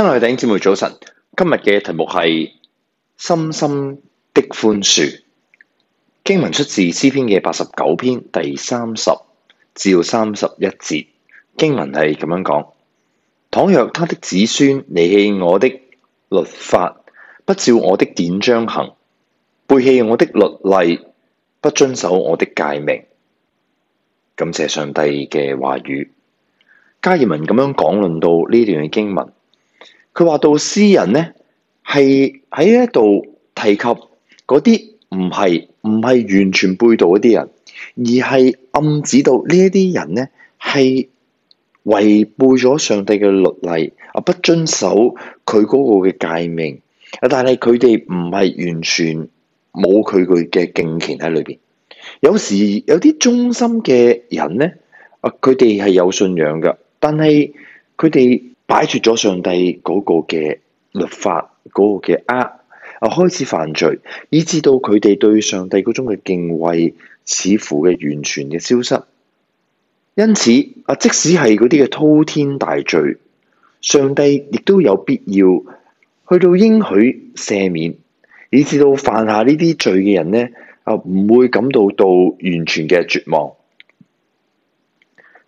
親愛的姐妹早晨，今日嘅題目係深深的寬恕。經文出自詩篇嘅八十九篇第三十至三十一節。經文係咁樣講：倘若他的子孫離棄我的律法，不照我的典章行，背棄我的律例，不遵守我的誡命。感謝上帝嘅話語。加爾文咁樣講論到呢段嘅經文。佢話到詩人咧，係喺呢一度提及嗰啲唔係唔係完全背道嗰啲人，而係暗指到呢一啲人咧係違背咗上帝嘅律例啊，不遵守佢嗰個嘅誡命啊，但係佢哋唔係完全冇佢佢嘅敬虔喺裏邊。有時有啲忠心嘅人咧啊，佢哋係有信仰嘅，但係佢哋。擺脫咗上帝嗰個嘅律法，嗰、那個嘅軛啊，開始犯罪，以致到佢哋對上帝嗰種嘅敬畏，似乎嘅完全嘅消失。因此啊，即使係嗰啲嘅滔天大罪，上帝亦都有必要去到應許赦免，以致到犯下呢啲罪嘅人咧啊，唔會感到到完全嘅絕望。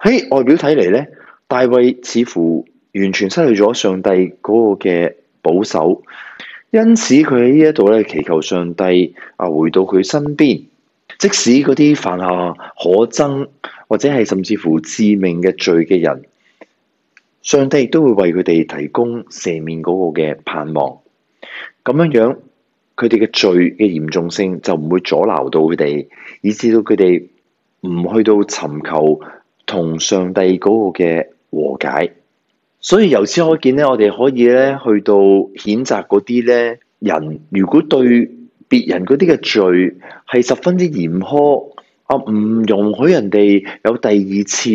喺外表睇嚟咧，大衛似乎。完全失去咗上帝嗰個嘅保守，因此佢喺呢一度咧祈求上帝啊回到佢身邊。即使嗰啲犯下可憎或者係甚至乎致命嘅罪嘅人，上帝亦都會為佢哋提供赦免嗰個嘅盼望。咁樣樣，佢哋嘅罪嘅嚴重性就唔會阻撓到佢哋，以致到佢哋唔去到尋求同上帝嗰個嘅和解。所以由此可見咧，我哋可以咧去到譴責嗰啲咧人，如果對別人嗰啲嘅罪係十分之嚴苛，啊唔容許人哋有第二次、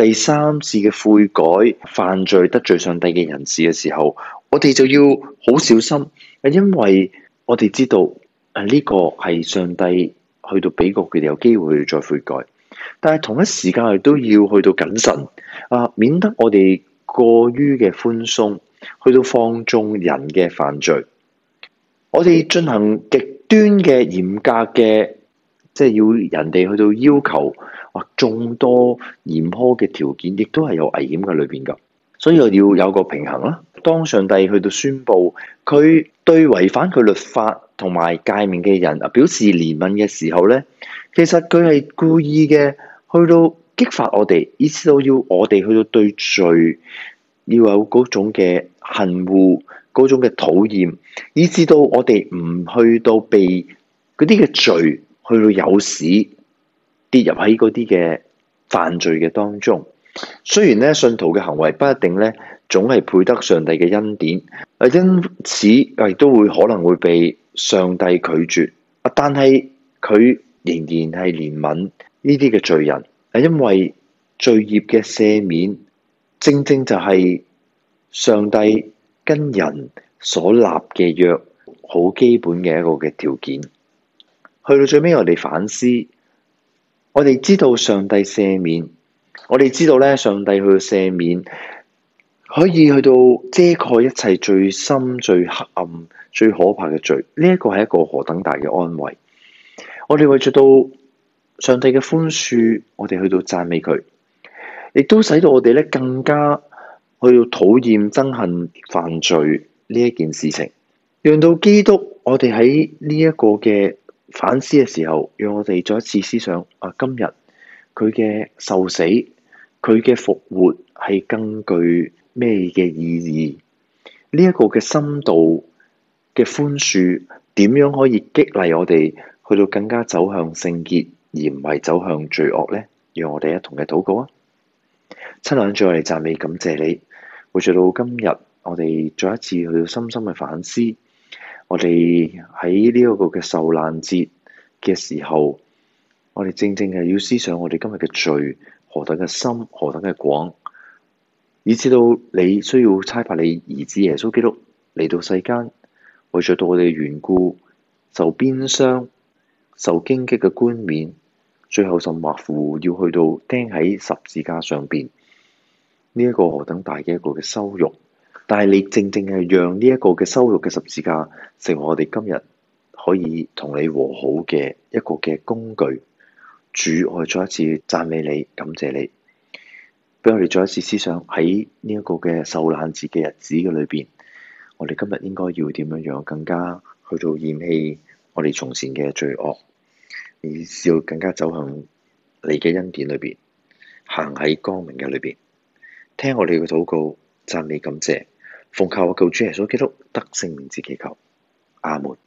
第三次嘅悔改犯罪得罪上帝嘅人士嘅時候，我哋就要好小心，因為我哋知道啊呢個係上帝去到俾過佢哋有機會再悔改，但係同一時間亦都要去到謹慎啊，免得我哋，過於嘅寬鬆，去到放縱人嘅犯罪；我哋進行極端嘅嚴格嘅，即係要人哋去到要求哇、啊、眾多嚴苛嘅條件，亦都係有危險嘅裏邊噶，所以我要有個平衡啦。當上帝去到宣布佢對違反佢律法同埋誡命嘅人啊表示憐憫嘅時候咧，其實佢係故意嘅去到。激發我哋，以致到要我哋去到對罪要有嗰種嘅恨惡，嗰種嘅討厭，以致到我哋唔去到被嗰啲嘅罪去到誘使跌入喺嗰啲嘅犯罪嘅當中。雖然咧，信徒嘅行為不一定咧，總係配得上帝嘅恩典啊，因此亦都會可能會被上帝拒絕啊，但係佢仍然係憐憫呢啲嘅罪人。因為罪孽嘅赦免，正正就係上帝跟人所立嘅約，好基本嘅一個嘅條件。去到最尾，我哋反思，我哋知道上帝赦免，我哋知道咧，上帝去到赦免，可以去到遮蓋一切最深、最黑暗、最可怕嘅罪。呢、這、一個係一個何等大嘅安慰！我哋為著到。上帝嘅寬恕，我哋去到讚美佢，亦都使到我哋咧更加去到討厭憎恨犯罪呢一件事情。讓到基督，我哋喺呢一個嘅反思嘅時候，讓我哋再一次思想啊，今日佢嘅受死，佢嘅復活係根據咩嘅意義？呢一個嘅深度嘅寬恕，點樣可以激勵我哋去到更加走向聖潔？而唔係走向罪惡呢，讓我哋一同嘅禱告啊！親，我哋再嚟讚美感謝你，為咗到今日，我哋再一次去深深嘅反思，我哋喺呢一個嘅受難節嘅時候，我哋正正係要思想我哋今日嘅罪何等嘅深，何等嘅廣，以至到你需要差派你兒子耶穌基督嚟到世間，為咗我哋嘅緣故，受鞭傷、受荊棘嘅冠冕。最後甚或乎要去到釘喺十字架上邊，呢、這、一個何等大嘅一個嘅羞辱。但係你正正係讓呢一個嘅羞辱嘅十字架成為我哋今日可以同你和好嘅一個嘅工具。主愛再一次讚美你，感謝你。俾我哋再一次思想喺呢一個嘅受難節嘅日子嘅裏邊，我哋今日應該要點樣樣更加去到厭棄我哋從前嘅罪惡。而是要更加走向你嘅恩典裏邊，行喺光明嘅裏邊，聽我哋嘅禱告，讚美感謝，奉靠我救主耶穌基督得勝名字祈求，阿門。